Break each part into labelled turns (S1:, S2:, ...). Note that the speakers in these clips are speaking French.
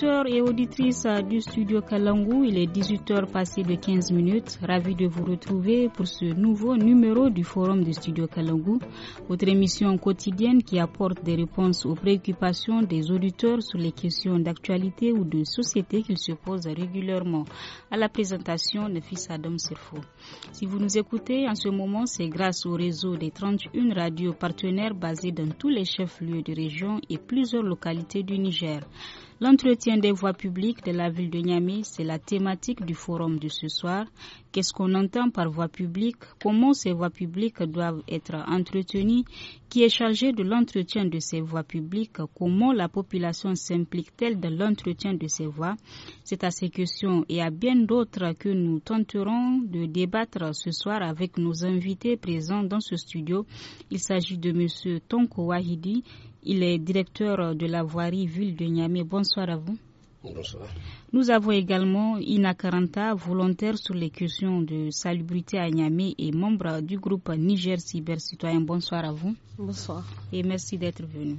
S1: auditeurs et auditrices du studio Kalangu, il est 18h passé de 15 minutes. Ravi de vous retrouver pour ce nouveau numéro du forum du studio Kalangu, votre émission quotidienne qui apporte des réponses aux préoccupations des auditeurs sur les questions d'actualité ou de société qu'ils se posent régulièrement. À la présentation, de fils Adam Serfo. Si vous nous écoutez en ce moment, c'est grâce au réseau des 31 radios partenaires basés dans tous les chefs-lieux de région et plusieurs localités du Niger. L'entretien des voies publiques de la ville de Niamey, c'est la thématique du forum de ce soir. Qu'est-ce qu'on entend par voie publique Comment ces voies publiques doivent être entretenues Qui est chargé de l'entretien de ces voies publiques Comment la population s'implique-t-elle dans l'entretien de ces voies C'est à ces questions et à bien d'autres que nous tenterons de débattre ce soir avec nos invités présents dans ce studio. Il s'agit de M. Tonko Wahidi, il est directeur de la voirie ville de Niamey. Bonsoir à vous. Bonsoir. Nous avons également Ina Karanta, volontaire sur les questions de salubrité à Niamey et membre du groupe Niger Cyber Bonsoir à vous. Bonsoir. Et merci d'être venu.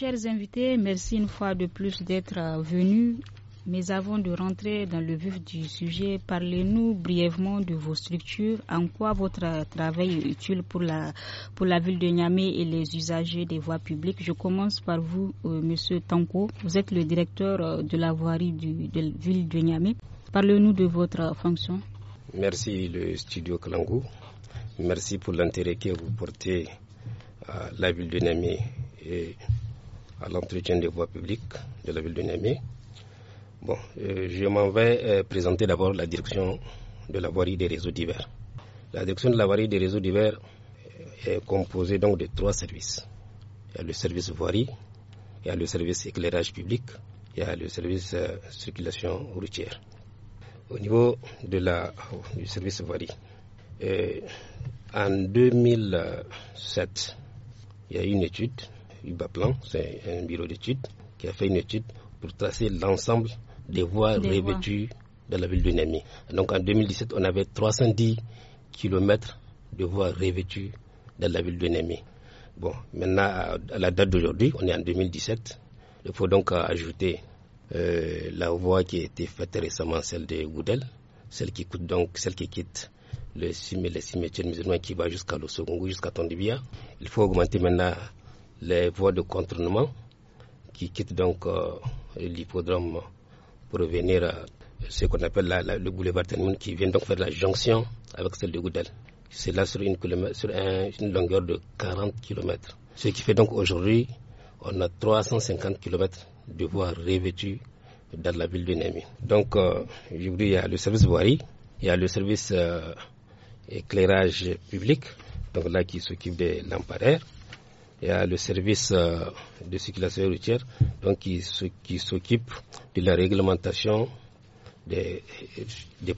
S1: Chers invités, merci une fois de plus d'être euh, venus. Mais avant de rentrer dans le vif du sujet, parlez-nous brièvement de vos structures, en quoi votre euh, travail est utile pour la, pour la ville de Niamey et les usagers des voies publiques. Je commence par vous, euh, Monsieur Tanko. Vous êtes le directeur de la voirie de la ville de Niamey. Parlez-nous de votre fonction.
S2: Merci, le studio Klangou. Merci pour l'intérêt que vous portez à la ville de Niamey et à l'entretien des voies publiques de la ville de Niamey. Bon, euh, je m'en vais euh, présenter d'abord la direction de la voirie des réseaux divers. La direction de la voirie des réseaux divers euh, est composée donc de trois services. Il y a le service voirie, il y a le service éclairage public, il y a le service circulation routière. Au niveau de la, oh, du service voirie, en 2007, il y a eu une étude UBAPLAN, c'est un bureau d'études qui a fait une étude pour tracer l'ensemble des voies revêtues Dans de la ville de Némi... Donc en 2017, on avait 310 km de voies revêtues dans la ville de Némi... Bon, maintenant, à la date d'aujourd'hui, on est en 2017. Il faut donc ajouter euh, la voie qui a été faite récemment, celle de Goudel, celle qui, coûte donc, celle qui quitte le, cimetière, le cimetière musulman qui va jusqu'à l'Osogongo, jusqu'à Tondibia. Il faut augmenter maintenant les voies de contournement qui quittent donc euh, l'hippodrome pour venir à ce qu'on appelle le boulevard qui vient donc faire la jonction avec celle de Goudel. C'est là sur, une, longueur de 40 km. Ce qui fait donc aujourd'hui, on a 350 km de voies revêtues dans la ville de Némi. Donc, aujourd'hui, euh, il y a le service voirie, il y a le service euh, éclairage public, donc là qui s'occupe des lampadaires, il y a le service euh, de circulation routière donc qui, s'occupe de la réglementation des,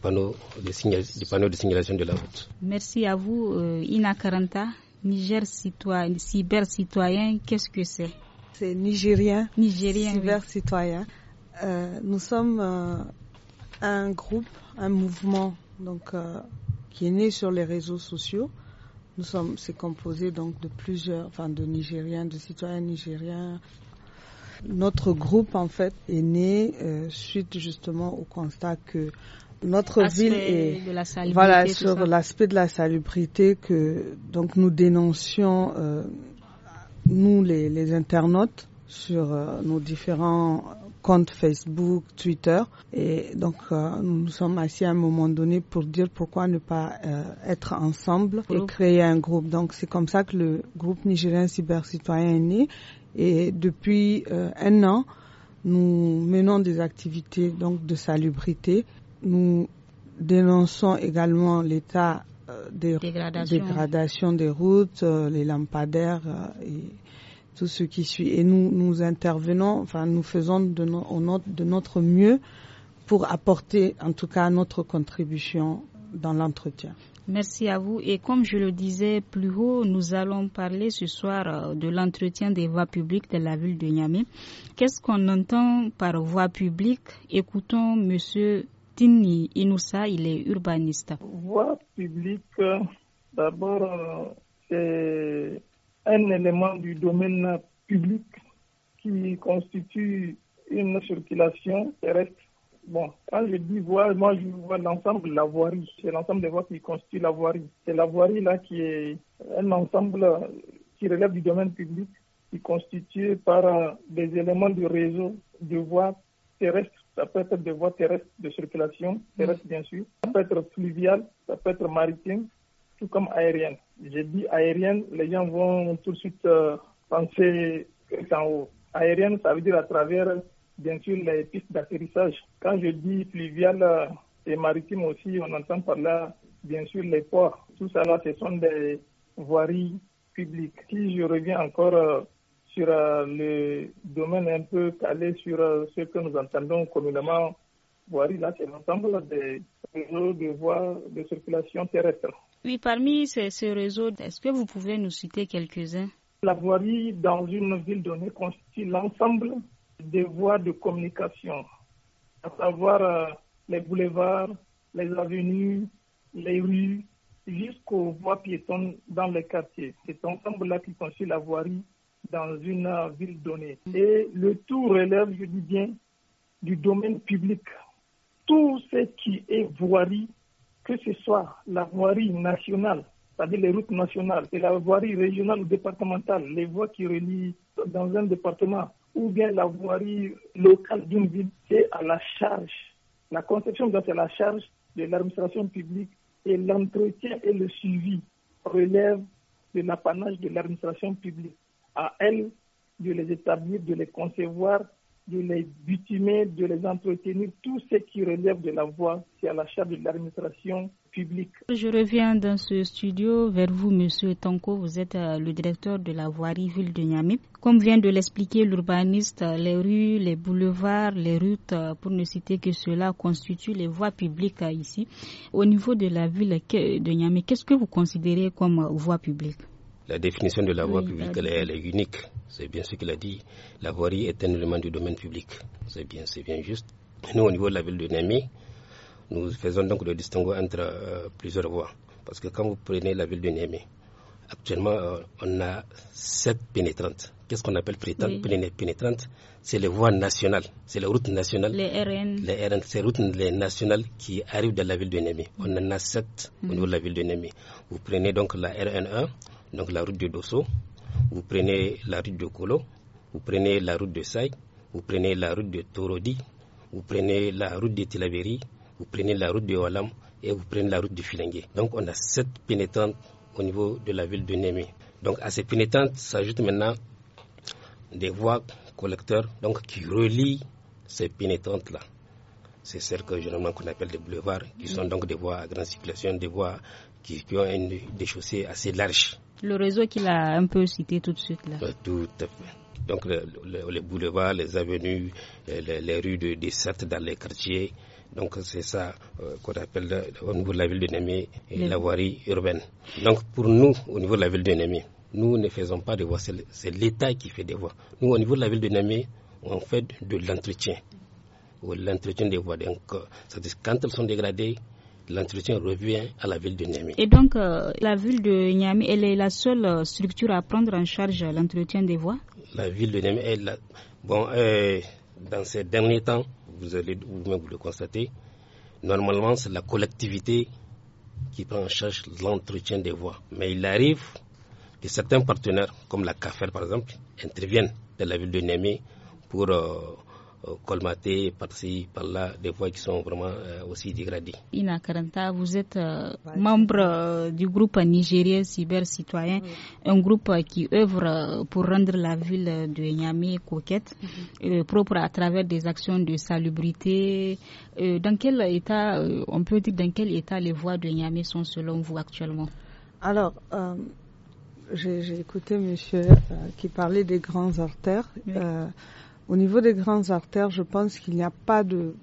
S2: panneaux, de signalisation de la route.
S1: Merci à vous, euh, Ina Karanta. Niger citoyen, cyber citoyen, qu'est-ce que c'est C'est nigérien, nigérien cyber citoyen. Euh, nous sommes
S3: un groupe, un mouvement donc qui est né sur les réseaux sociaux nous sommes, c'est composé donc de plusieurs, enfin de Nigériens, de citoyens nigériens. Notre groupe en fait est né euh, suite justement au constat que notre ville est
S1: de la voilà sur
S3: l'aspect de la salubrité que donc nous dénoncions euh, nous les, internautes sur euh, nos différents compte Facebook, Twitter. Et donc, euh, nous sommes assis à un moment donné pour dire pourquoi ne pas euh, être ensemble et créer un groupe. Donc, c'est comme ça que le groupe nigérien cybercitoyen est né. Et depuis euh, un an, nous menons des activités donc de salubrité. Nous dénonçons également l'état euh, des dégradation. dégradation. des routes, les lampadaires et ce qui suit. Et nous, nous intervenons, enfin, nous faisons de, de notre mieux pour apporter, en tout cas, notre contribution dans l'entretien.
S1: Merci à vous. Et comme je le disais plus haut, nous allons parler ce soir euh, de l'entretien des voies publiques de la ville de Niamey. Qu'est-ce qu'on entend par voie publique Écoutons Monsieur Tini Inoussa, il est urbaniste.
S4: Voie publique, d'abord, euh, c'est un élément du domaine public qui constitue une circulation terrestre. Bon, quand je dis voie, moi je vois l'ensemble de la voirie. C'est l'ensemble des voies qui constitue la voirie. C'est la voirie là qui est un ensemble qui relève du domaine public, qui est constitué par euh, des éléments du réseau de voies terrestres. Ça peut être des voies terrestres de circulation, terrestre bien sûr. Ça peut être fluvial, ça peut être maritime, comme aérienne. J'ai dit aérienne, les gens vont tout de suite euh, penser en haut. Aérienne, ça veut dire à travers, bien sûr, les pistes d'atterrissage. Quand je dis pluviale euh, et maritime aussi, on entend par là, bien sûr, les ports. Tout ça là, ce sont des voiries publiques. Si je reviens encore euh, sur le domaine un peu calé sur ce que nous entendons communément, voiries, là, c'est l'ensemble des réseaux de voies de circulation terrestre.
S1: Oui, parmi ces, réseaux, est-ce que vous pouvez nous citer quelques-uns
S4: La voirie dans une ville donnée constitue l'ensemble des voies de communication, à savoir euh, les boulevards, les avenues, les rues, jusqu'aux voies piétonnes dans les quartiers. C'est ensemble-là qui constitue la voirie dans une euh, ville donnée. Et le tout relève, je dis bien, du domaine public. Tout ce qui est voirie que ce soit la voirie nationale, c'est-à-dire les routes nationales, et la voirie régionale ou départementale, les voies qui relient dans un département, ou bien la voirie locale d'une ville, c'est à la charge. La conception doit être à la charge de l'administration publique et l'entretien et le suivi relèvent de l'apanage de l'administration publique. À elle de les établir, de les concevoir de les bitumer, de les entretenir, tout ce qui relève de la voie, c'est à la charge de l'administration
S1: publique. Je reviens dans ce studio vers vous, Monsieur Tonko. Vous êtes euh, le directeur de la voirie ville de Niamey. Comme vient de l'expliquer l'urbaniste, les rues, les boulevards, les routes, euh, pour ne citer que cela, constituent les voies publiques euh, ici. Au niveau de la ville de Niamey, qu'est-ce que vous considérez comme voie publique
S2: la définition de la voie publique, elle, est unique. C'est bien ce qu'il a dit. La voirie est un élément du domaine public. C'est bien, c'est bien juste. Nous, au niveau de la ville de Némé, nous faisons donc le distinguo entre euh, plusieurs voies. Parce que quand vous prenez la ville de Némé, actuellement, euh, on a sept pénétrantes. Qu'est-ce qu'on appelle pénétrantes C'est les voies nationales, c'est les routes nationales. Les RN. Les RN, c'est les routes nationales qui arrivent dans la ville de Némé. On en a sept au mhm. niveau de la ville de Némé. Vous prenez donc la RN1, donc la route de Dosso, vous prenez la route de Kolo, vous prenez la route de Saï, vous prenez la route de Torodi, vous prenez la route de Tilaveri, vous prenez la route de Walam et vous prenez la route de Filengue. Donc on a sept pénétrantes au niveau de la ville de Némé. Donc à ces pénétrantes s'ajoutent maintenant des voies collecteurs qui relient ces pénétrantes-là. C'est celles que généralement qu'on appelle des boulevards, qui sont mm. donc des voies à grande circulation, des voies qui, ont des chaussées assez larges.
S1: Le réseau qu'il a un peu cité tout de suite là. Euh,
S2: tout à fait. Donc les boulevards, les avenues, euh, les, rues de, des dans les quartiers. Donc c'est ça euh, qu'on appelle au niveau de la ville de Némé et la voirie urbaine. Donc pour nous, au niveau de la ville de Némé, nous ne faisons pas de voies, c'est l'État qui fait des voies. Nous, au niveau de la ville de Némé, on fait de l'entretien. L'entretien des voies. Donc, quand elles sont dégradées, l'entretien revient à la ville de Niamey. Et
S1: donc, euh, la ville de Niamey, elle est la seule euh, structure à prendre en charge l'entretien des voies
S2: La ville de Niamey, elle, bon, euh, dans ces derniers temps, vous allez vous-même vous le constater, normalement, c'est la collectivité qui prend en charge l'entretien des voies. Mais il arrive que certains partenaires, comme la CAFER par exemple, interviennent dans la ville de Niamey pour colmater par-ci, par-là, des voies qui sont vraiment euh, aussi dégradées.
S1: Ina Karanta, vous êtes euh, membre euh, du groupe nigérien Cyber Citoyen, un groupe qui œuvre pour rendre la ville de Niamey coquette, mhm. propre à travers des actions de salubrité. dans quel état, on peut dire dans quel état les voies de Niamey sont selon vous actuellement Alors, j'ai
S3: écouté monsieur
S1: qui parlait des grands artères.
S3: Au niveau des grandes artères, je pense qu'il n'y a pas de,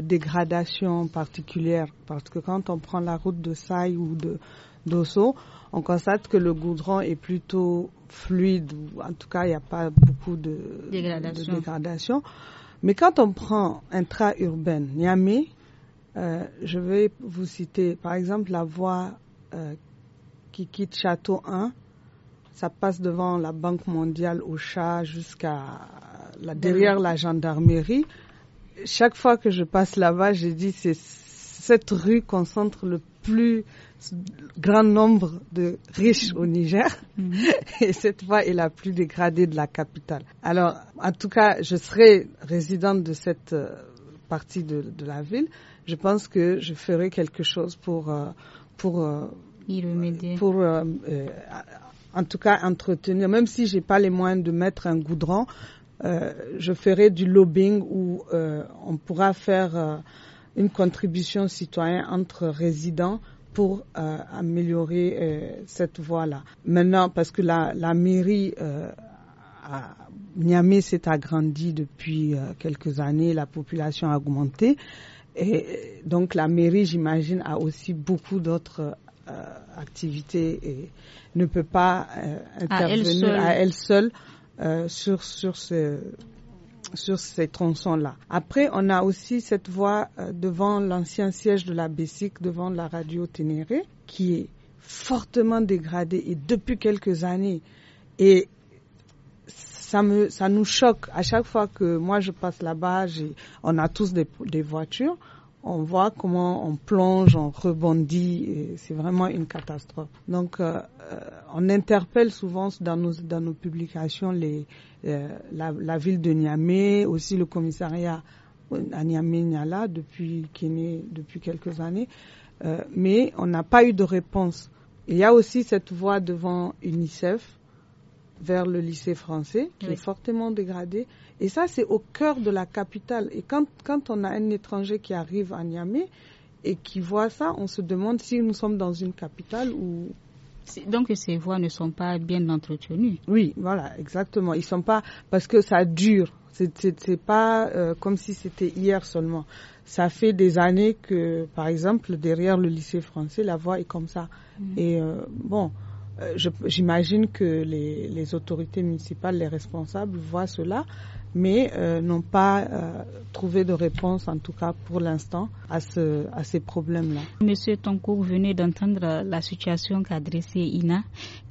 S3: dégradation particulière parce que quand on prend la route de Saï ou de d'Osso, on constate que le goudron est plutôt fluide. En tout cas, il n'y a pas beaucoup de dégradation. Mais quand on prend intra-urbain, Niamey, euh, je vais vous citer par exemple la voie euh, qui quitte Château 1, ça passe devant la Banque mondiale au chat jusqu'à derrière la gendarmerie, chaque fois que je passe là-bas, j'ai dit c'est cette rue concentre le plus grand nombre de riches au Niger mhm. et cette fois est la plus dégradée de la capitale. Alors, en tout cas, je serai résidente de cette euh, partie de, la ville. Je pense que je ferai quelque chose pour euh, pour euh, y pour en tout cas entretenir, même si j'ai pas les moyens de mettre un goudron, euh, je ferai du lobbying où euh, on pourra faire euh, une contribution citoyenne entre résidents pour améliorer cette voie-là. Maintenant, parce que la, la mairie à Niamey s'est agrandie depuis quelques années, la population a augmenté. Et donc la mairie, j'imagine, a aussi beaucoup d'autres activités et ne peut pas intervenir à elle seule euh, sur, sur, ce, sur ces tronçons-là. Après, on a aussi cette voie euh, devant l'ancien siège de la BESIC, devant la radio Ténéré, qui est fortement dégradée et depuis quelques années. Et ça, me, ça nous choque à chaque fois que moi je passe là-bas, on a tous des voitures on voit comment on plonge, on rebondit. C'est vraiment une catastrophe. Donc, euh, euh, on interpelle souvent dans nos, dans nos publications les, euh, la, la, ville de Niamey, aussi le commissariat à Niamey-Niala depuis, qui né depuis quelques années. mais on n'a pas eu de réponse. Il y a aussi cette voix devant UNICEF vers le lycée français, qui est fortement dégradé. Et ça, c'est au cœur de la capitale. Et quand, quand on a un étranger qui arrive à Niamey et qui voit ça, on se demande si nous sommes dans une capitale ou... Donc ces voies ne sont pas bien entretenues. Oui, voilà, exactement. Ils sont pas parce que ça dure. C'est pas euh, comme si c'était hier seulement. Ça fait des années que, par exemple, derrière le lycée français, la voie est comme ça. Mm. Et euh, bon, euh, j'imagine que les, autorités municipales, les responsables voient cela, mais euh, n'ont pas euh, trouvé de réponse, en tout cas pour l'instant,
S1: à, ce, à ces problèmes-là. Monsieur Tonko, vous venez d'entendre la situation qu'a adressée Ina.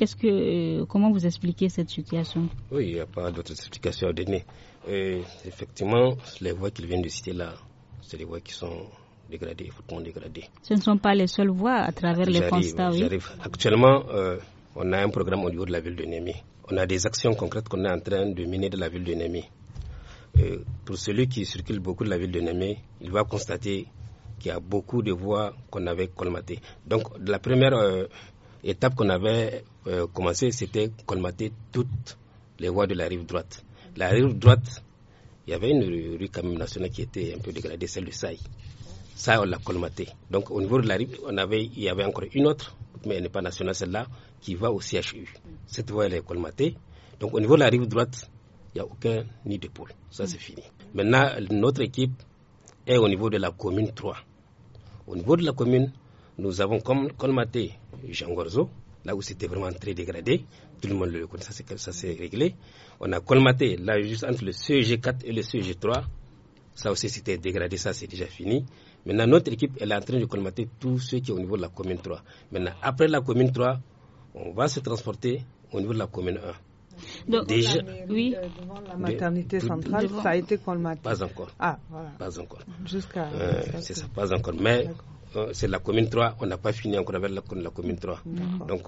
S1: ce que, comment vous expliquez cette situation
S2: Oui, il n'y a pas d'autres explications à donner. effectivement, les voies qui viennent de citer là, c'est des voies qui sont dégradées, fortement dégradées.
S1: Ce ne sont pas les seules voies à travers les constats, oui.
S2: Actuellement, on a un programme au niveau de la ville de Némé. On a des actions concrètes qu'on est en train de mener de la ville de Némé. Euh, pour celui qui circule beaucoup de la ville de Némé, il va constater qu'il y a beaucoup de voies qu'on avait colmatées. Donc la première euh, étape qu'on avait euh, commencée, c'était colmater toutes les voies de la rive droite. La rive droite, il y avait une rue, même nationale qui était un peu dégradée, celle du Saï. Ça, on l'a colmaté. Donc, au niveau de la rive, on avait, il y avait encore une autre, mais elle n'est pas nationale, celle-là, qui va au CHU. Cette voie, elle est colmatée. Donc, au niveau de la rive droite, il n'y a aucun nid de poule. Ça, c'est fini. Maintenant, notre équipe est au niveau de la commune 3. Au niveau de la commune, nous avons colmaté Jean Gorzo, là où c'était vraiment très dégradé. Tout le monde le connaît, ça s'est réglé. On a colmaté, là, juste entre le CEG4 et le CEG3. Ça aussi, c'était dégradé, ça, c'est déjà fini. Maintenant, notre équipe, elle est en train de colmater tout ce qui est au niveau de la commune 3. Maintenant, après la commune 3, on va se transporter au niveau de la commune 1. Donc, Déjà, la
S5: oui. Euh, la
S2: maternité centrale, ça a été
S3: colmaté Pas encore. Ah, voilà. Pas encore. Mhm. Euh, jusqu'à. c'est ça,
S2: pas encore. Mais euh, c'est la commune 3, on n'a pas fini encore avec la, commune 3. Donc,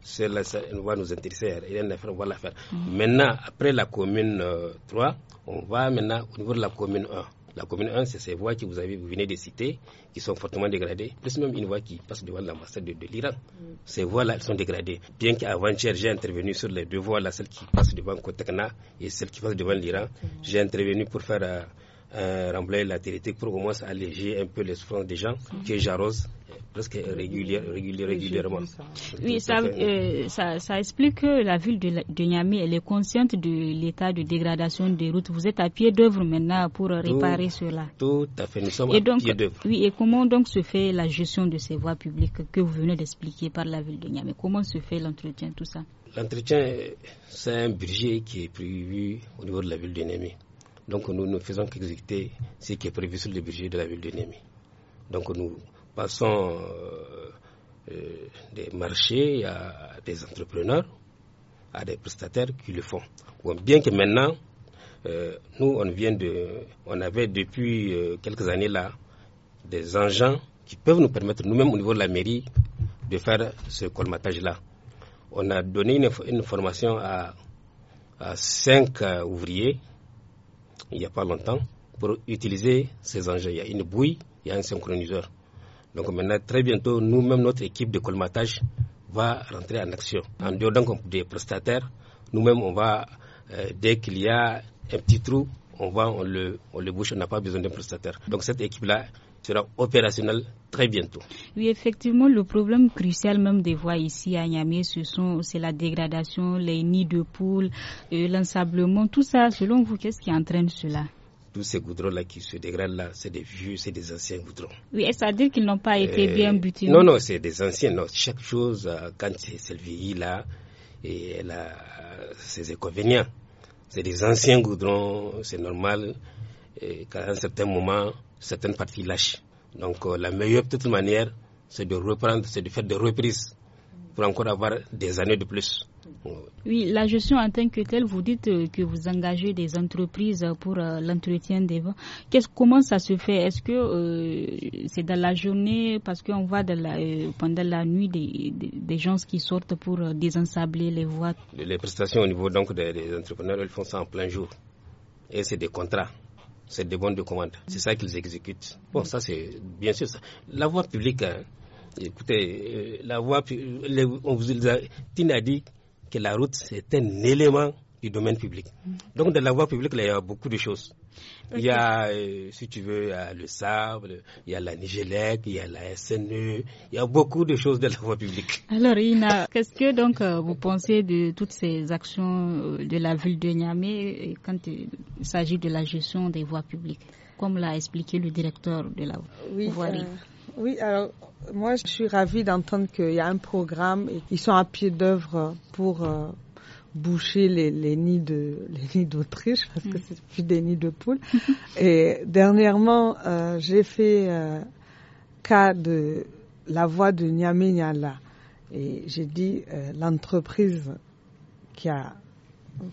S2: c'est ça, va nous intéresser, il y a une affaire, on va mhm. Maintenant, après la commune 3, on va maintenant au niveau de la commune 1. La commune 1, c'est ces voies que vous, avez, vous venez de citer, qui sont fortement dégradées, plus même une voie qui passe devant l'ambassade de, de l'Iran. Mm. Ces voies-là, elles sont dégradées. Bien qu'avant-hier, j'ai intervenu sur les deux voies, là, celle qui passe devant Kotakana et celles qui passent devant l'Iran. Mm. J'ai intervenu pour faire euh, euh, la territoire pour commencer à alléger un peu les souffrances des gens mhm. que j'arrose euh, presque régulièrement.
S1: Oui, euh, ça, explique que la ville de, Niamey elle est consciente de l'état de dégradation des routes. Vous êtes à pied d'œuvre maintenant pour réparer cela.
S2: Tout à fait, nous sommes et à pied d'œuvre.
S1: Oui, et comment donc se fait la gestion de ces voies publiques que vous venez d'expliquer par la ville de Niamey Comment se fait l'entretien, tout ça
S2: L'entretien, euh, c'est un budget qui est prévu au niveau de la ville de Niamey. Donc nous ne faisons qu'exécuter ce qui est prévu sur le budget de la ville de Némi. Donc nous passons euh, euh, des marchés à des entrepreneurs, à des prestataires qui le font. Bien que maintenant, euh, nous on vient de, on avait depuis quelques années là des engins qui peuvent nous permettre nous-mêmes au niveau de la mairie de faire ce colmatage là. On a donné une, formation à, à cinq ouvriers il n'y a pas longtemps pour utiliser ces engins. Il y a une bouille, il y a un synchroniseur. Donc maintenant, très bientôt, nous-mêmes, notre équipe de colmatage va rentrer en action. En dehors des prestataires, nous-mêmes, on va, euh, dès qu'il y a un petit trou, on va, on le, on le bouche, on n'a pas besoin d'un prestataire. Donc cette équipe-là, sera opérationnel très bientôt.
S1: Oui, effectivement, le problème crucial même des voies ici à Niamey, ce sont c'est la dégradation, les nids de poules, euh, l'ensablement, tout ça. Selon vous, qu'est-ce qui entraîne cela
S2: Tous ces goudrons-là qui se dégradent là, c'est des vieux, c'est des anciens goudrons.
S1: Oui, cest à dire qu'ils n'ont pas été euh, bien butinés? Non, non,
S2: c'est des anciens. chaque chose, euh, quand c'est le là, et elle a ses inconvénients. C'est des anciens goudrons, c'est normal. qu'à un certain moment, certaines parties lâchent. Donc euh, la meilleure petite manière, c'est de reprendre, c'est de faire des reprises pour encore avoir des années de plus.
S1: Oui, la gestion en tant que telle, vous dites euh, que vous engagez des entreprises pour euh, l'entretien des vents. Comment ça se fait Est-ce que c'est dans la journée Parce qu'on voit la, pendant la nuit des, gens qui sortent pour désensabler les voies.
S2: Les prestations au niveau donc des, des entrepreneurs, elles font ça en plein jour. Et c'est des contrats c'est des bons de commande. C'est ça qu'ils exécutent. Bon, ça c'est bien sûr. Ça. La voie publique, hein, écoutez, euh, la voie, on vous a, a dit que la route c'est un élément du domaine public. Donc, de la voie publique, il y a beaucoup de choses. Il y a, euh, si tu veux, le sable, il y a la Nigélec, il y a la SNE, il y a beaucoup de choses de la voie publique.
S1: Alors, Ina, qu'est-ce que donc euh, vous pensez de toutes ces actions euh, de la ville de Niamey quand il s'agit de la gestion des voies publiques, comme l'a expliqué le directeur de la voie publique
S3: Oui, alors moi je suis ravie d'entendre qu'il y a un programme et qu'ils sont à pied d'œuvre pour boucher les, nids de les nids d'autruche parce que mm. c'est plus des nids de poules. Et dernièrement, euh, j'ai fait euh, cas de la voix de Niamey et j'ai dit euh, l'entreprise qui a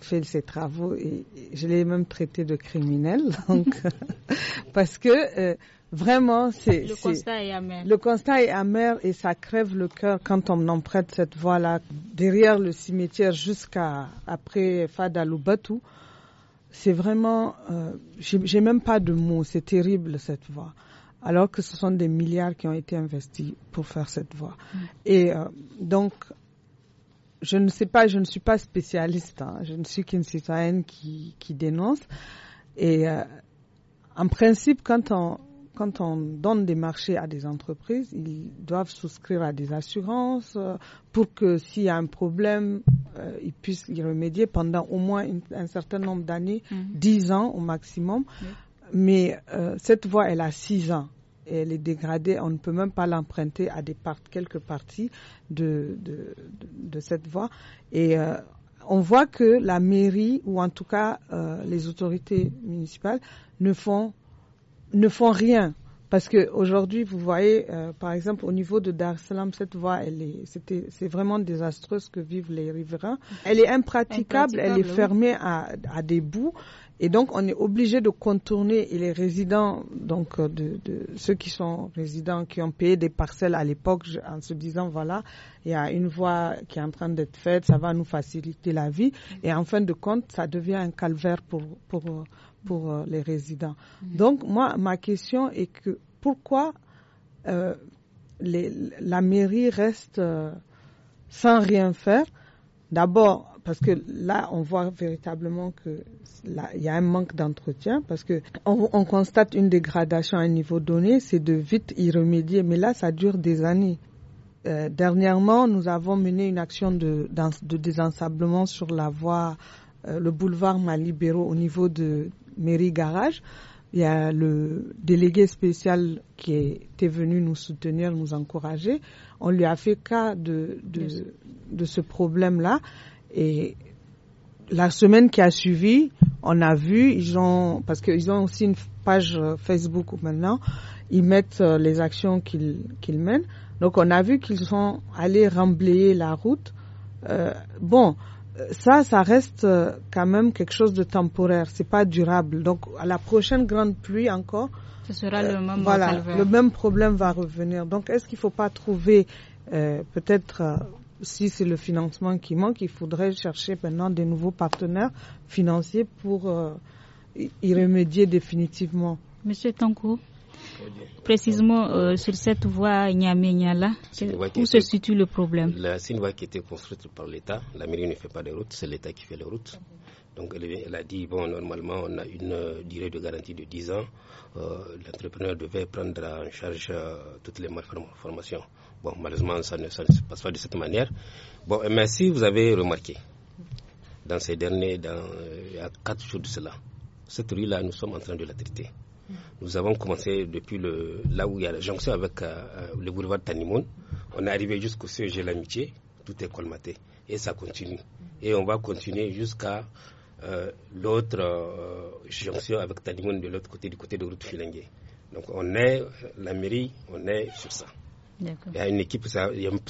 S3: fait ses travaux et, je l'ai même traité de criminel donc parce que Vraiment, c'est le constat est amer. Le constat est amer et ça crève le cœur quand on emprunte cette voie-là derrière le cimetière jusqu'à après Fadaloubatou. C'est vraiment, euh, j'ai même pas de mots. C'est terrible cette voie. Alors que ce sont des milliards qui ont été investis pour faire cette voie. Mm. Et euh, donc, je ne sais pas, je ne suis pas spécialiste. Hein. Je ne suis qu'une citoyenne qui, qui dénonce. Et euh, en principe, quand on quand on donne des marchés à des entreprises, ils doivent souscrire à des assurances euh, pour que s'il y a un problème, euh, ils puissent y remédier pendant au moins un certain nombre d'années, mhm. dix ans au maximum. Mais euh, cette voie, elle a six ans. Et elle est dégradée, on ne peut même pas l'emprunter à des parts, quelques parties de, de, cette voie. Et on voit que la mairie, ou en tout cas les autorités municipales, ne font ne font rien. Parce que aujourd'hui, vous voyez, euh, par exemple, au niveau de Dar Salam, cette voie, elle est, c'était, c'est vraiment désastreuse que vivent les riverains. Elle est impraticable, elle est fermée à, à, des bouts, et donc on est obligé de contourner. les résidents, donc euh, de, de, ceux qui sont résidents, qui ont payé des parcelles à l'époque, en se disant voilà, il y a une voie qui est en train d'être faite, ça va nous faciliter la vie. Et en fin de compte, ça devient un calvaire pour pour pour euh, les résidents. Mm. Donc, moi, ma question est que pourquoi euh, la mairie reste euh, sans rien faire D'abord, parce que là, on voit véritablement que il y a un manque d'entretien, parce que on, constate une dégradation à un niveau donné, c'est de vite y remédier, mais là, ça dure des années. dernièrement, nous avons mené une action de, de désensablement sur la voie, le boulevard Malibéro au niveau de mairie garage. Il y a le délégué spécial qui était venu nous soutenir, nous encourager. On lui a fait cas de, de, ce problème-là. Et la semaine qui a suivi, on a vu, ils ont, parce qu'ils ont aussi une page euh, Facebook maintenant, ils mettent euh, les actions qu'ils mènent. Donc on a vu qu'ils sont allés remblayer la route. Euh, bon, ça, ça reste euh, quand même quelque chose de temporaire, c'est pas durable. Donc, à la prochaine grande pluie encore, euh, le même, problème va revenir. Donc, est-ce qu'il ne faut pas trouver euh, peut-être si c'est le financement qui manque, il faudrait chercher maintenant des nouveaux partenaires financiers pour
S1: y remédier définitivement. Monsieur Tancou. Précisément, euh, sur cette voie là, où se situe le problème
S2: C'est une voie qui a été construite par l'État. La mairie ne fait pas de route, c'est l'État qui fait les routes. Donc elle, a dit, bon, normalement, on a une durée de garantie de 10 ans. Euh, l'entrepreneur devait prendre en charge euh, toutes les malformations. Bon, malheureusement, ça ne, se passe pas de cette manière. Bon, mais si vous avez remarqué, dans ces derniers, dans, a 4 jours de cela, cette rue-là, nous sommes en train de la traiter. Nous avons commencé depuis là où il y a la jonction avec euh, euh, le boulevard Tanimoun. On est arrivé jusqu'au de L'Amitié, tout est colmaté. Et ça continue. Et on va continuer jusqu'à euh, l'autre jonction avec Tanimoun de l'autre côté, du côté de route Filingué. Donc on est, la mairie, on est sur ça. Il y a une équipe, c'est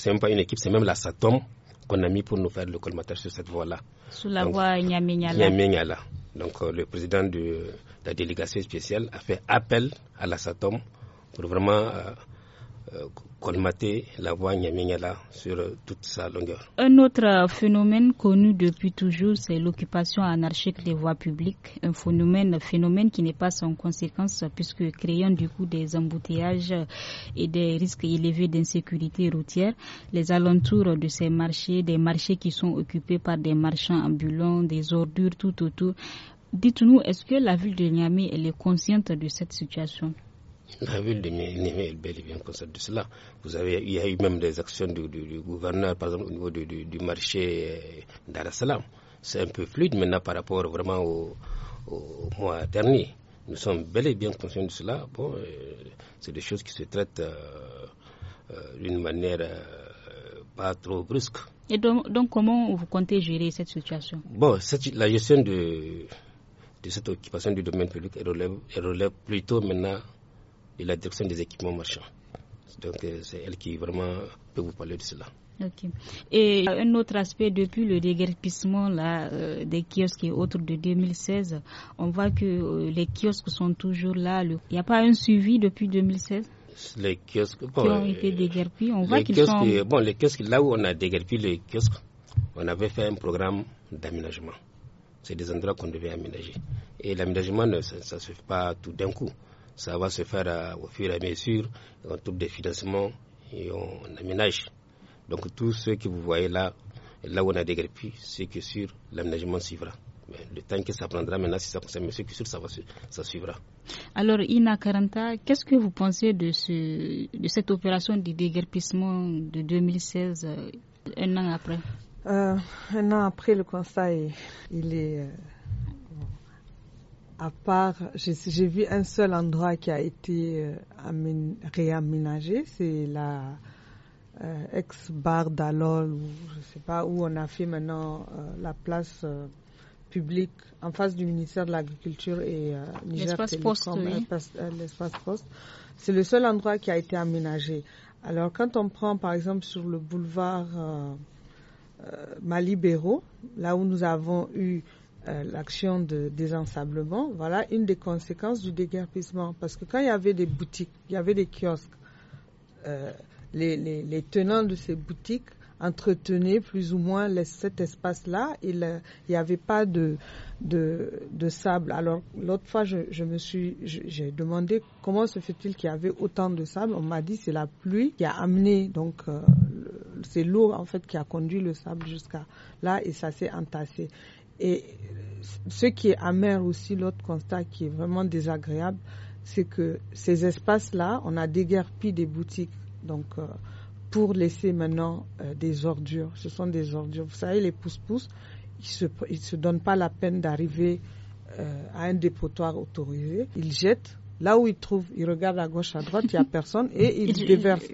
S2: même pas une équipe, c'est même la SATOM qu'on a mis pour nous faire le colmatage sur cette voie-là.
S1: Sous la voie Nyamingala.
S2: niala donc euh, le président de la délégation spéciale a fait appel à la SATOM pour vraiment euh, euh, colmater la voie sur euh, toute sa longueur.
S1: Un autre phénomène connu depuis toujours, c'est l'occupation anarchique des voies publiques. Un phénomène, phénomène qui n'est pas sans conséquence puisque créant du coup des embouteillages et des risques élevés d'insécurité routière. Les alentours de ces marchés, des marchés qui sont occupés par des marchands ambulants, des ordures tout autour. Dites-nous, est-ce que la ville de Niamey est consciente de cette situation?
S2: La ville de Niamey est bel et bien consciente de cela. Vous avez, il y a eu même des actions du, gouverneur, par exemple, au niveau du, marché euh, d'Arasalam. C'est un peu fluide maintenant par rapport vraiment au, mois dernier. Nous sommes bel et bien conscients de cela. Bon, euh, c'est des choses qui se traitent euh, d'une manière pas trop brusque.
S1: Et donc, comment vous comptez gérer cette situation
S2: Bon, la gestion de, de cette occupation du domaine public elle relève, elle relève plutôt maintenant et la direction des équipements marchands. Donc euh, c'est elle qui vraiment peut vous parler de cela.
S1: Et un autre aspect, depuis le déguerpissement euh, des kiosques et autres de 2016, on voit que euh, les kiosques sont toujours là. Il n'y a pas un suivi depuis 2016
S2: Les kiosques ont on les kiosques, là où on a déguerpi les kiosques, on avait fait un programme d'aménagement. C'est des endroits qu'on devait aménager. Et l'aménagement, ça ne se fait pas tout d'un coup. Ça va se faire euh, au fur et à mesure. On trouve des financements et on, aménage. Donc tout ce que vous voyez là, là où on a dégrépi, c'est que sur l'aménagement suivra. Mais le temps que ça prendra maintenant, si ça concerne M. Kussur, ça, va, ça suivra.
S1: Alors, Ina Karanta, qu'est-ce que vous pensez de, ce, de cette opération de déguerpissement de 2016, euh, un an après euh, Un an après, le conseil, il est
S3: à part, j'ai vu un seul endroit qui a été euh, réaménagé, c'est la euh, ex-bar d'Alol, je sais pas, où on a fait maintenant euh, la place publique en face du ministère de l'Agriculture et Niger l'espace poste. C'est le seul endroit qui a été aménagé. Alors quand on prend par exemple sur le boulevard Malibéro, là où nous avons eu euh, l'action de désensablement, voilà une des conséquences du déguerpissement. Parce que quand il y avait des boutiques, il y avait des kiosques, euh, les, les, les, tenants de ces boutiques entretenaient plus ou moins cet espace-là. Il n'y euh, avait pas de, de, de sable. Alors l'autre fois, je, je, me suis, j'ai demandé comment se fait-il qu'il y avait autant de sable. On m'a dit c'est la pluie qui a amené donc c'est l'eau en fait qui a conduit le sable jusqu'à là et ça s'est entassé. Et ce qui est amer aussi, l'autre constat qui est vraiment désagréable, c'est que ces espaces-là, on a déguerpi des boutiques. Donc, euh, pour laisser maintenant euh, des ordures. Ce sont des ordures. Vous savez, les pousse-pousse, ils se, ils se donnent pas la peine d'arriver euh, à un dépotoir autorisé. Ils jettent. Là où ils trouvent, ils regardent à gauche, à droite, il n'y a personne et ils déversent.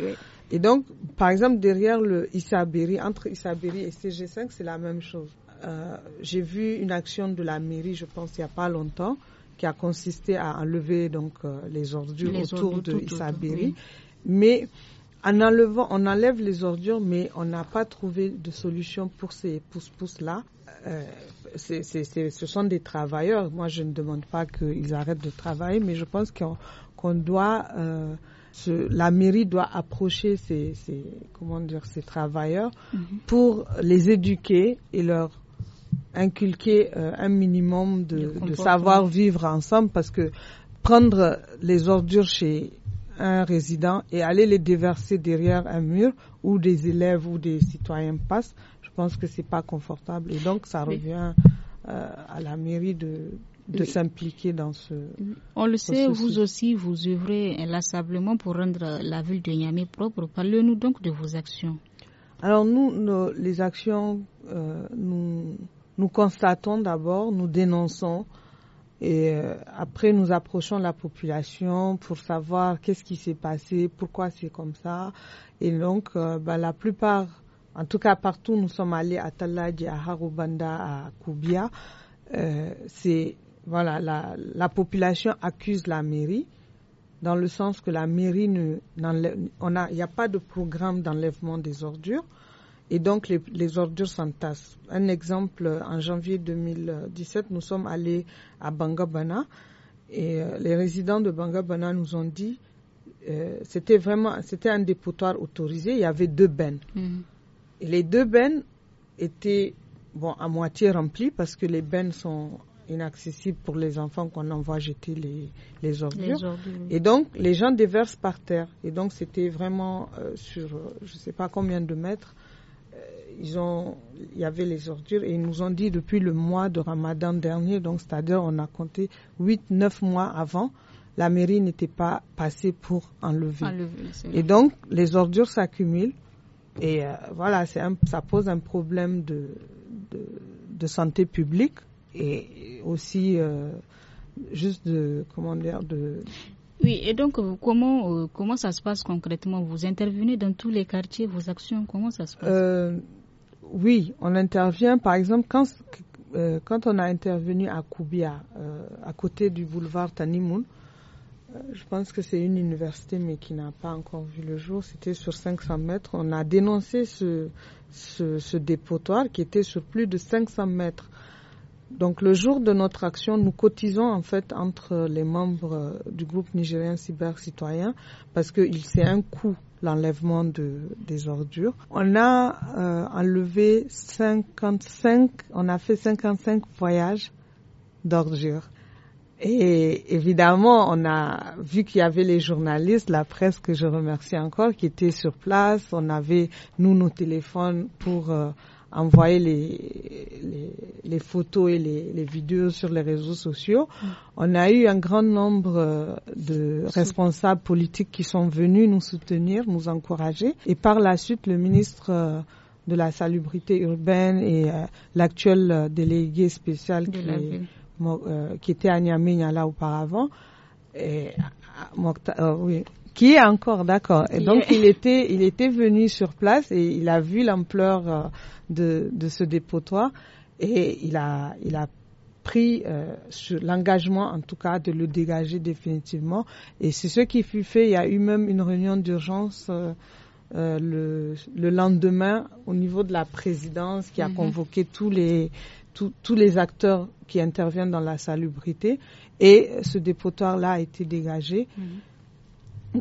S3: Et donc, par exemple, derrière le Issaberi, entre Isaberry et CG5, c'est la même chose. Euh, j'ai vu une action de la mairie, je pense, il n'y a pas longtemps, qui a consisté à enlever donc euh, les ordures autour de Isabéry. Mais en enlevant, on enlève les ordures, mais on n'a pas trouvé de solution pour ces pousses pousses là euh, ce sont des travailleurs. Moi, je ne demande pas qu'ils arrêtent de travailler, mais je pense qu'on doit, la mairie doit approcher ces, comment dire, ces travailleurs mhm. pour les éduquer et leur inculquer euh, un minimum de, savoir vivre ensemble parce que prendre les ordures chez un résident et aller les déverser derrière un mur où des élèves ou des citoyens passent, je pense que c'est pas confortable et donc ça revient euh, à la mairie de, de s'impliquer dans ce.
S1: On le sait, vous aussi, vous œuvrez inlassablement pour rendre la ville de Niamey propre. Parlez-nous donc de vos actions. Alors nous, les
S3: actions, euh, nous, nous constatons d'abord, nous dénonçons et euh, après nous approchons la population pour savoir qu'est-ce qui s'est passé, pourquoi c'est comme ça. Et donc euh, bah, la plupart, en tout cas partout nous sommes allés à Taladji, à Harubanda, à Koubia, euh, c'est voilà la, la population accuse la mairie dans le sens que la mairie ne, on a, il n'y a pas de programme d'enlèvement des ordures et donc les, ordures s'entassent. Un exemple, en janvier 2017, nous sommes allés à Bangabana et euh, les résidents de Bangabana nous ont dit euh, c'était vraiment c'était un dépotoir autorisé, il y avait deux bennes. Mm-hmm. Et les deux bennes étaient bon à moitié remplies parce que les bennes sont inaccessibles pour les enfants qu'on envoie jeter les, ordures. Et donc, les gens déversent par terre. Et donc, c'était vraiment euh, sur, je ne sais pas combien de mètres, ils ont, il y avait les ordures et ils nous ont dit depuis le mois de Ramadan dernier, donc c'est-à-dire on a compté 8-9 mois avant, la mairie n'était pas passée pour enlever. et donc les ordures s'accumulent et euh, voilà, ça pose un problème de, de, santé publique et aussi euh, juste de comment dire de
S1: oui, et donc euh, comment comment ça se passe concrètement Vous intervenez dans tous les quartiers, vos actions, comment ça se
S3: passe oui, on intervient, par exemple, quand, euh, on a intervenu à Koubia, euh, à côté du boulevard Tanimoun, euh, je pense que c'est une université, mais qui n'a pas encore vu le jour. C'était sur 500 mètres. On a dénoncé ce, ce, ce dépotoir qui était sur plus de 500 mètres. Donc le jour de notre action, nous cotisons en fait entre les membres du groupe nigérien cyber citoyen parce que c'est un coup l'enlèvement de, des ordures. On a euh, enlevé 55, on a fait 55 voyages d'ordures. Et évidemment, on a vu qu'il y avait les journalistes, la presse que je remercie encore, qui étaient sur place. On avait, nous, nos téléphones pour... Euh, envoyer les, photos et les, vidéos sur les réseaux sociaux. Mm. On a eu un grand nombre euh, de responsables politiques qui sont venus nous soutenir, nous encourager. Et par la suite, le ministre euh, de la salubrité urbaine et euh, l'actuel délégué spécial qui, qui, était à Niamey là auparavant, et, qui est encore, d'accord. Et donc il était, il était venu sur place et il a vu l'ampleur euh, de, ce dépotoir et il a, il a pris euh, l'engagement, en tout cas, de le dégager définitivement. Et c'est ce qui fut fait. Il y a eu même une réunion d'urgence euh, le, lendemain au niveau de la présidence qui a mm-hmm. convoqué tous les, tous les acteurs qui interviennent dans la salubrité. Et ce dépotoir-là a été dégagé. Mm-hmm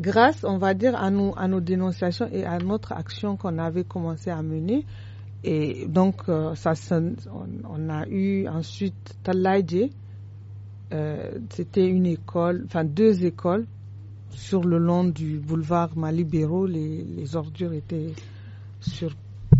S3: grâce, on va dire, à, nos dénonciations et à notre action qu'on avait commencé à mener. Et donc, euh, ça, on, a eu ensuite euh, C'était une école, enfin deux écoles sur le long du boulevard Malibéro. Les, les ordures étaient sur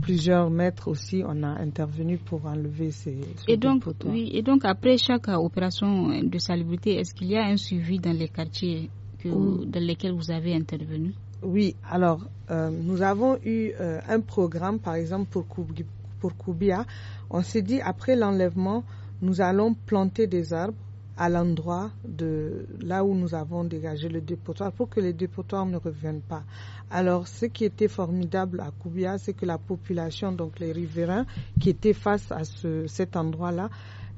S3: plusieurs mètres aussi, on a intervenu pour enlever ces, ces et donc, et
S1: donc, après chaque opération de salubrité, est-ce qu'il y a un suivi dans les quartiers dans lesquelles vous avez intervenu Oui, alors euh, nous avons eu euh, un programme, par exemple pour,
S3: Koubia. On s'est dit, après l'enlèvement, nous allons planter des arbres à l'endroit de là où nous avons dégagé le dépotoir pour que les dépotoirs ne reviennent pas. Alors, ce qui était formidable à Koubia, c'est que la population, donc les riverains qui étaient face à cet endroit-là,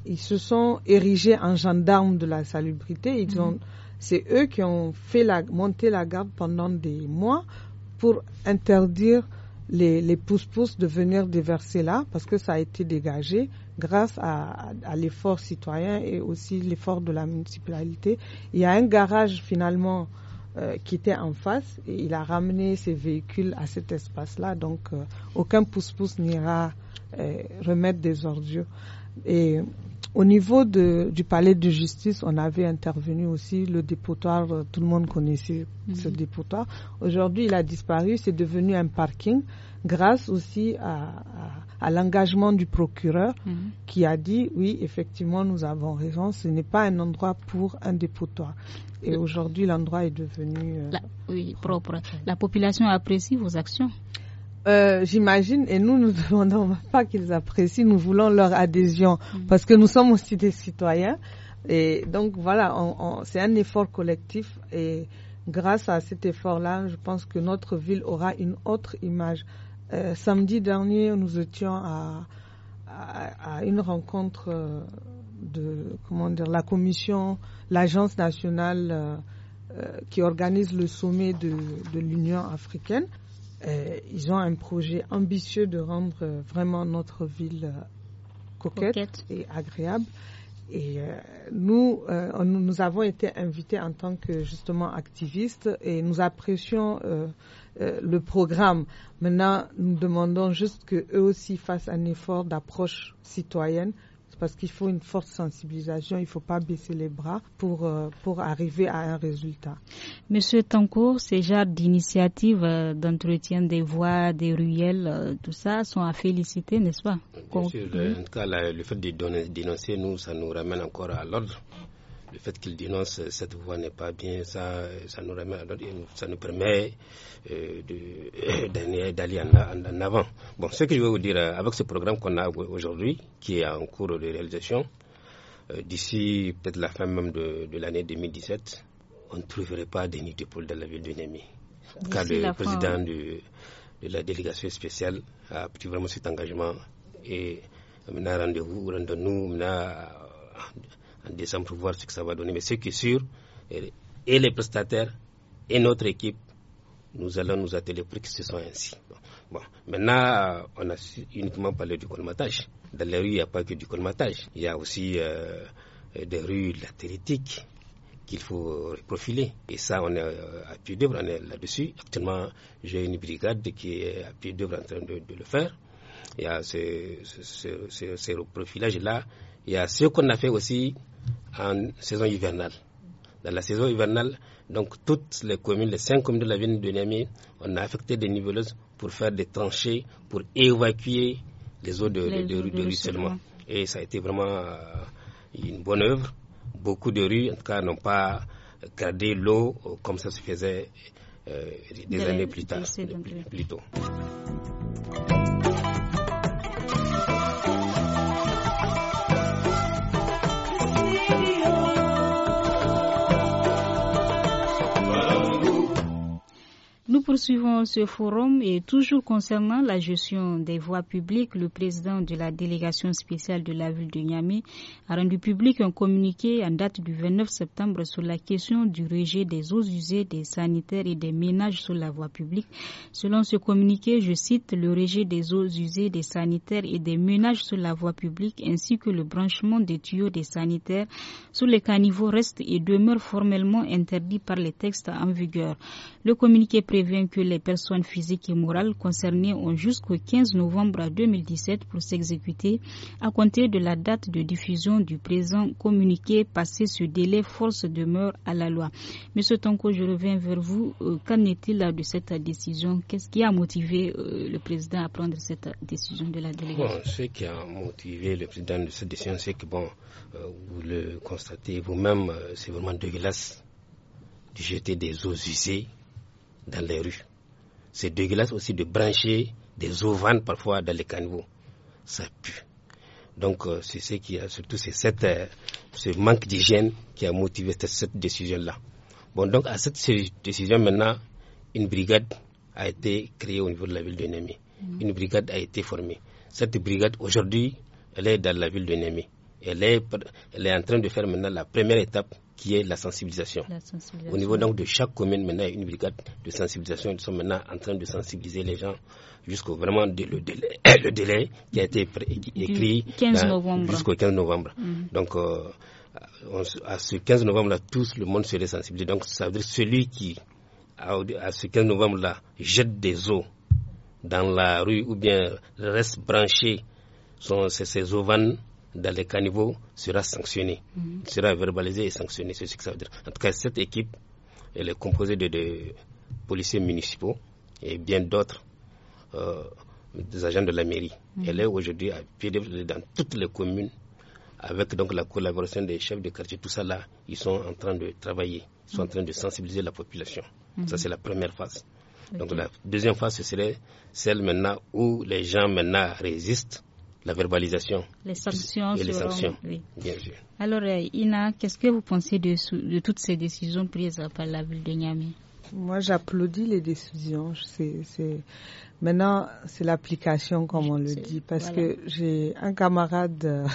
S3: ils se sont érigés en gendarmes de la salubrité. Ils mhm. ont c'est eux qui ont fait la, monter la garde pendant des mois pour interdire les, les pousse pouces de venir déverser là parce que ça a été dégagé grâce à, l'effort citoyen et aussi l'effort de la municipalité. Il y a un garage finalement euh, qui était en face et il a ramené ses véhicules à cet espace-là. Donc euh, aucun pousse-pousse n'ira euh, remettre des ordures. Et au niveau du palais de justice, on avait intervenu aussi le dépotoir. Euh, tout le monde connaissait ce mhm. dépotoir. Aujourd'hui, il a disparu. C'est devenu un parking grâce aussi à, l'engagement du procureur mhm. qui a dit oui, effectivement, nous avons raison. Ce n'est pas un endroit pour un dépotoir.
S5: Et aujourd'hui,
S3: l'endroit est devenu
S5: euh, propre.
S3: La population apprécie vos actions. Euh, j'imagine, et nous, nous demandons pas qu'ils apprécient, nous voulons leur adhésion, mm. parce que nous sommes aussi des citoyens. Et donc voilà, c'est un effort collectif et grâce à cet effort-là, je pense que notre ville aura une autre image. Euh, samedi dernier, nous étions à, à, une rencontre euh, de comment dire, la commission, l'agence nationale qui organise le sommet de, de l'Union africaine. Euh, ils ont un projet ambitieux de rendre euh, vraiment notre ville euh, coquette, et agréable. Et nous, nous avons été invités en tant que justement activistes et nous apprécions le programme. Maintenant, nous demandons juste qu'eux eux aussi fassent un effort d'approche citoyenne parce qu'il faut une forte sensibilisation, il ne faut pas baisser les
S1: bras euh, pour, arriver à un résultat. Monsieur Tancourt, ces genres d'initiatives euh, d'entretien des voies, des ruelles, euh, tout ça sont à féliciter, n'est-ce pas Bien en tout
S2: cas, le fait de dénoncer, nous, ça nous ramène encore à l'ordre le fait qu'il dénonce cette voie n'est pas bien, ça, ça, nous, permet euh, d'aller en, avant. Bon, ce que je veux vous dire, euh, avec ce programme qu'on a aujourd'hui, qui est en cours de réalisation, euh, d'ici peut-être la fin même de, l'année 2017, on ne trouverait pas des nids de poule dans la ville de Némi. Car le président de, la délégation spéciale a pris vraiment cet engagement et maintenant rendez-vous, rendez nous maintenant en décembre pour voir ce que ça va donner. Mais ce qui est sûr, euh, et les prestataires et notre équipe, nous allons nous atteler pour que ce soit ainsi. Bon. Maintenant, euh, on a uniquement parlé du colmatage. Dans les rues, il n'y a pas que du colmatage. Il y a aussi euh, des rues latéritiques qu'il faut reprofiler. Et ça, on est à pied d'œuvre, on est là-dessus. Actuellement, j'ai une brigade qui est à pied d'œuvre en train de, le faire. Il y a ce, ce, ce profilage-là. Il y a ce qu'on a fait aussi en saison hivernale. Dans la saison hivernale, donc toutes les communes, les cinq communes de la ville de Nami, on a affecté des niveleuses pour faire des tranchées, pour évacuer les eaux de, de, Et ça a été vraiment euh, une bonne œuvre. Beaucoup de rues, en tout cas, n'ont pas gardé l'eau euh, comme ça se faisait euh, des années plus tard, plus tôt.
S1: poursuivons ce forum et toujours concernant la gestion des voies publiques, le président de la délégation spéciale de la ville de Niamey a rendu public un communiqué en date du 29 septembre sur la question du rejet des eaux usées, des sanitaires et des ménages sur la voie publique. Selon ce communiqué, je cite, le rejet des eaux usées, des sanitaires et des ménages sur la voie publique ainsi que le branchement des tuyaux des sanitaires sur les caniveaux reste et demeure formellement interdit par les textes en vigueur. Le communiqué prévient que les personnes physiques et morales concernées ont jusqu'au 15 novembre 2017 pour s'exécuter à compter de la date de diffusion du présent communiqué. Passé ce délai, force demeure à la loi. Monsieur Tonko, je reviens vers vous. Euh, qu'en est-il de cette décision Qu'est-ce qui a motivé euh, le président à prendre cette décision de la délégation Ce
S2: qui a motivé le président de cette décision, c'est que, bon, euh, vous le constatez vous-même, c'est vraiment dégueulasse de jeter des eaux usées dans les rues. C'est dégueulasse aussi de brancher des ovanes parfois dans les caniveaux. Ça pue. Donc, euh, c'est ce qui a, surtout, c'est euh, ce manque d'hygiène qui a motivé cette, décision-là. Bon, donc, à cette décision, maintenant, une brigade a été créée au niveau de la ville de Némi. Mm. Une brigade a été formée. Cette brigade, aujourd'hui, elle est dans la ville de Némi. Elle est, elle est en train de faire maintenant la première étape qui est la sensibilisation. Au niveau donc de chaque commune, il y a une brigade de sensibilisation. Ils sont maintenant en train de sensibiliser les gens jusqu'au vraiment le, délai, qui a été écrit jusqu'au 15 novembre. Mm-hmm. Donc, euh, à ce 15 novembre-là, tout le monde serait sensibilisé. Donc, ça veut dire celui qui, à, ce 15 novembre-là, jette des eaux dans la rue ou bien reste branché sont ses, eaux vannes dans les caniveaux sera sanctionné, mhm. sera verbalisé et sanctionné. C'est ce que ça veut dire. En tout cas, cette équipe, elle est composée de, policiers municipaux et bien d'autres euh, des agents de la mairie. Mhm. Elle est aujourd'hui à pied dans toutes les communes avec donc la collaboration des chefs de quartier. Tout ça là, ils sont en train de travailler, ils sont en mhm. train de sensibiliser la population. Ça, c'est la première phase. Donc la deuxième phase, ce serait celle maintenant où les gens maintenant résistent la verbalisation
S1: les sanctions et Bien sûr. Alors, euh, Ina, qu'est-ce que vous pensez de, toutes ces décisions prises par la ville de Niamey Moi, j'applaudis les
S3: décisions. Maintenant, c'est l'application, comme on le dit, parce que j'ai un camarade euh,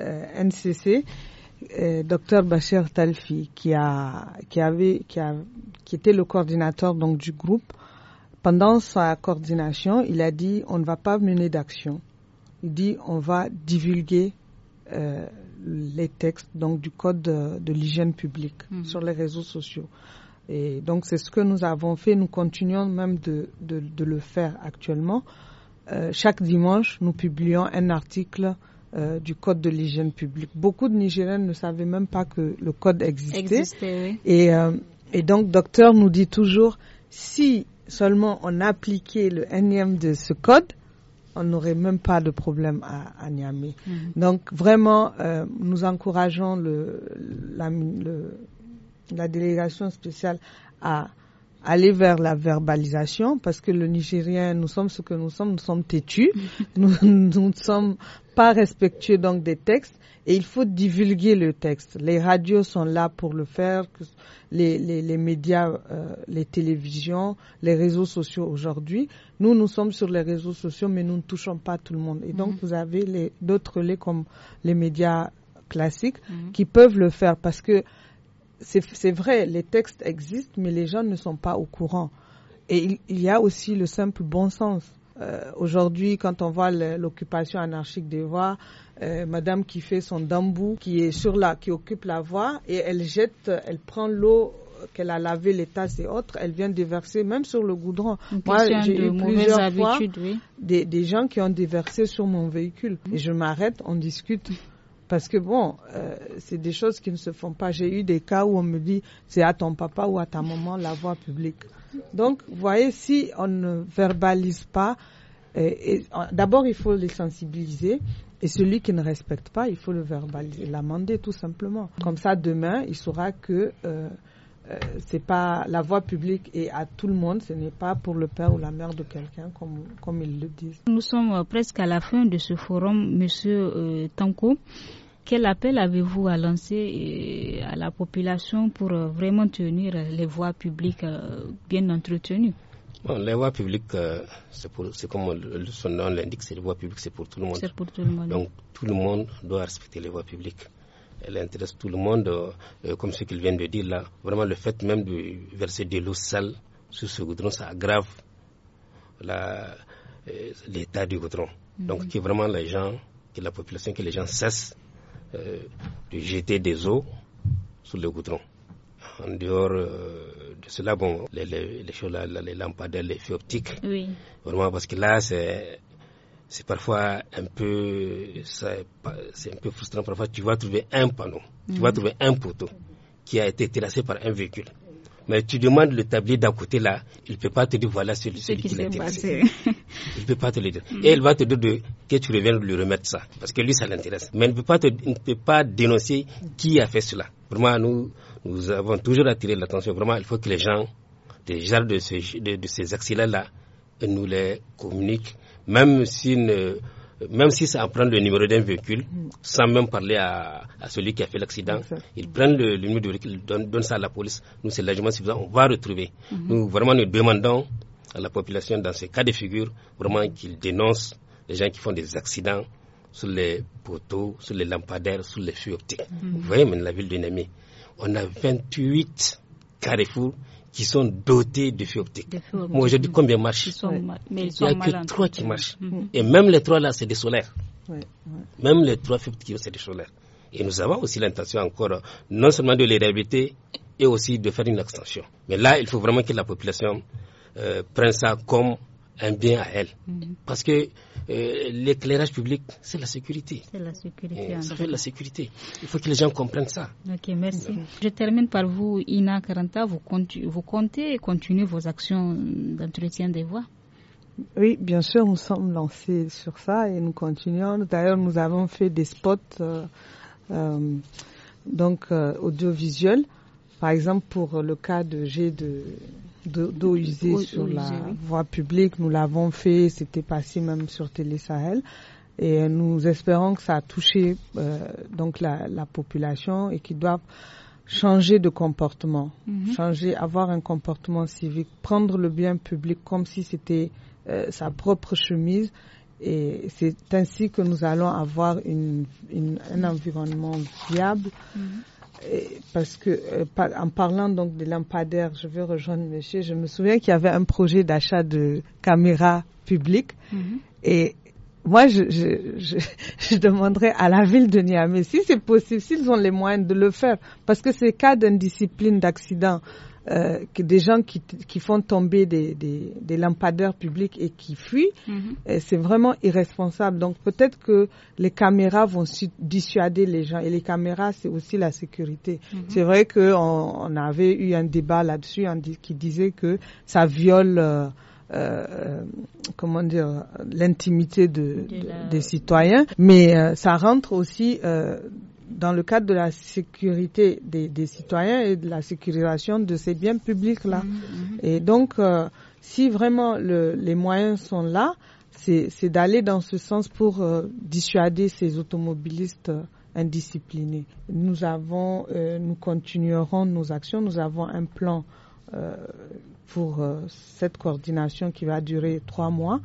S3: euh, NCC. docteur Bachir Talfi qui a qui a qui était le coordinateur donc du groupe pendant sa coordination il a dit on ne va pas mener d'action dit on va divulguer euh, les textes donc du code de, l'hygiène publique mhm. sur les réseaux sociaux. Et donc c'est ce que nous avons fait, nous continuons même de, de, le faire actuellement. Euh, chaque dimanche, nous publions un article euh, du code de l'hygiène publique. Beaucoup de Nigériens ne savaient même pas que le code existait. et, et, donc, docteur nous dit toujours, si seulement on appliquait le NM de ce code, on n'aurait même pas de problème à, à Niamey. Mhm. Donc vraiment, euh, nous encourageons la, délégation spéciale à aller vers la verbalisation parce que le Nigérien, nous sommes ce que nous sommes, nous sommes têtus, mhm. nous ne sommes pas respectueux donc des textes et il faut divulguer le texte. Les radios sont là pour le faire, les, les, médias, euh, les télévisions, les réseaux sociaux aujourd'hui. Nous, nous sommes sur les réseaux sociaux, mais nous ne touchons pas tout le monde. Et donc, mhm. vous avez d'autres relais comme les médias classiques mhm. qui peuvent le faire parce que c'est vrai, les textes existent, mais les gens ne sont pas au courant. Et il, il y a aussi le simple bon sens euh, aujourd'hui, quand on voit l'occupation anarchique des voies, euh, Madame qui fait son dambou, qui est sur la, qui occupe la voie, et elle jette, elle prend l'eau qu'elle a lavé les tasses et autres, elle vient déverser même sur le goudron. Moi, j'ai eu plusieurs fois des, gens qui ont déversé sur mon véhicule. Et je m'arrête, on discute. Parce que bon, euh, c'est des choses qui ne se font pas. J'ai eu des cas où on me dit c'est à ton papa ou à ta maman la voix publique. Donc, vous voyez, si on ne verbalise pas, euh, d'abord il faut les sensibiliser. Et celui qui ne respecte pas, il faut le verbaliser, l'amender tout simplement. Comme ça, demain, il saura que euh, c'est pas la voix publique et à tout le monde, ce n'est pas pour le père ou la mère de quelqu'un, comme, comme ils le disent.
S1: Nous sommes presque à la fin de ce forum, Monsieur euh, Tanko. Quel appel avez-vous à lancer euh, à la population pour euh, vraiment tenir les voies publiques euh, bien entretenues
S2: les voies publiques, c'est comme son nom l'indique, c'est les voies publiques, c'est pour tout le monde. C'est pour tout le monde. Donc tout le monde doit respecter les voies publiques. Elle intéresse tout le monde, comme ce qu'il vient de dire là. Vraiment, le fait même de verser de l'eau sale sur ce goudron, ça aggrave l'état du goudron. Mm-hmm. Donc, que vraiment les gens, que la population, que les gens cessent euh, de jeter des eaux sur le goudron. En dehors euh, de cela, les, les, les, choses, les lampadaires, les feux optiques, oui. vraiment parce que là, c'est c'est parfois un peu frustrant parfois tu vas trouver un panneau tu vas mhm. trouver un poteau qui a été terrassé par un véhicule mais tu demandes le tablier d'un côté là, il ne peut pas te dire voilà celui, qui, s'est
S1: l'intéresse.
S2: Il ne peut pas te le dire. Mm. Et il va te dire que tu reviennes lui remettre ça, parce que lui ça l'intéresse. Mais il ne peut pas, peut pas dénoncer qui a fait cela. Vraiment, nous, nous avons toujours attiré l'attention. Vraiment, il faut que les gens, déjà gens de, de, ces accidents là nous les communiquent, même si ne même si ça prend le numéro d'un véhicule, mm. sans même parler à, celui qui a fait l'accident, ils prennent le, numéro de véhicule, ils donnent, ça à la police. Nous, c'est largement suffisant. On va retrouver. Mm-hmm. Nous, vraiment, nous demandons à la population, dans ces cas de figure, vraiment qu'ils dénoncent les gens qui font des accidents sur les poteaux, sur les lampadaires, sur les feux optiques.
S5: Mm-hmm. Vous voyez,
S2: mais la ville de Némé, on a 28 carrefours qui sont dotés de feux optiques. Moi, je dis combien marchent Il
S5: n'y a que trois qui marchent. Mm-hmm. Mm-hmm.
S2: Et même les trois là, c'est des solaires. Même les trois feux optiques, c'est des solaires. Et nous avons aussi l'intention encore, non seulement de les réhabiliter, et aussi de faire une extension. Mais là, il faut vraiment que la population euh, prenne ça comme un bien à elle. Mhm. Parce que euh, l'éclairage public, c'est la sécurité. C'est la
S1: sécurité. ça fait la
S2: sécurité. Il faut que les gens comprennent ça.
S1: Ok, merci. Je termine par vous, Ina Karanta. Vous, comptez, continuer vos actions d'entretien des voies
S3: oui, bien sûr, nous sommes lancés sur ça et nous continuons. D'ailleurs, nous avons fait des spots euh, euh, donc audiovisuels, par exemple pour le cas de G 2 d'eau usée sur la voie publique. Nous l'avons fait, c'était passé même sur Télé Sahel. Et euh, nous espérons que ça a touché euh, donc la, population et qu'ils doivent changer de comportement, mhm. changer, avoir un comportement civique, prendre le bien public comme si c'était euh, sa propre chemise. Et c'est ainsi que nous allons avoir un environnement viable. Mhm parce que euh, en parlant donc des lampadaires, je veux rejoindre monsieur, je me souviens qu'il y avait un projet d'achat de caméras publiques mm-hmm. et moi, je, je, demanderais à la ville de Niamey si c'est possible, s'ils ont les moyens de le faire, parce que c'est cas d'indiscipline, d'accident, euh, que des gens qui, qui font tomber des, des, lampadaires publics et qui fuient, mhm. euh, c'est vraiment irresponsable. Donc peut-être que les caméras vont dissuader les gens. Et les caméras, c'est aussi la sécurité. Mhm. C'est vrai qu'on on avait eu un débat là-dessus qui disait que ça viole... Euh, euh comment dire l'intimité de, des citoyens, mais ça rentre aussi euh, dans le cadre de la sécurité des, citoyens et de la sécurisation de ces biens publics-là. Mm, mm. Et donc, euh, si vraiment le, les moyens sont là, c'est d'aller dans ce sens pour euh, dissuader ces automobilistes euh, indisciplinés. Nous avons, nous continuerons nos actions. Nous avons un plan pour cette coordination qui va durer trois mois.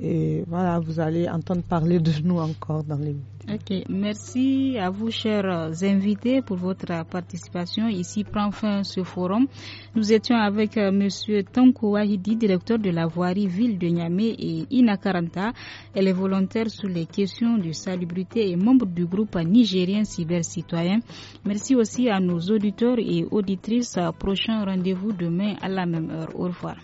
S3: Et voilà, vous allez entendre parler de nous encore dans les minutes.
S1: Ok, merci à vous, chers invités, pour votre participation. Ici prend fin ce forum. Nous étions avec euh, M. Tanko Wahidi, directeur de la voirie ville de Niamey et Ina Karanta. Elle est volontaire sur les questions de salubrité et membre du groupe nigérien cybercitoyen. Merci aussi à nos auditeurs et auditrices. Prochain rendez-vous demain à la même heure. Au revoir.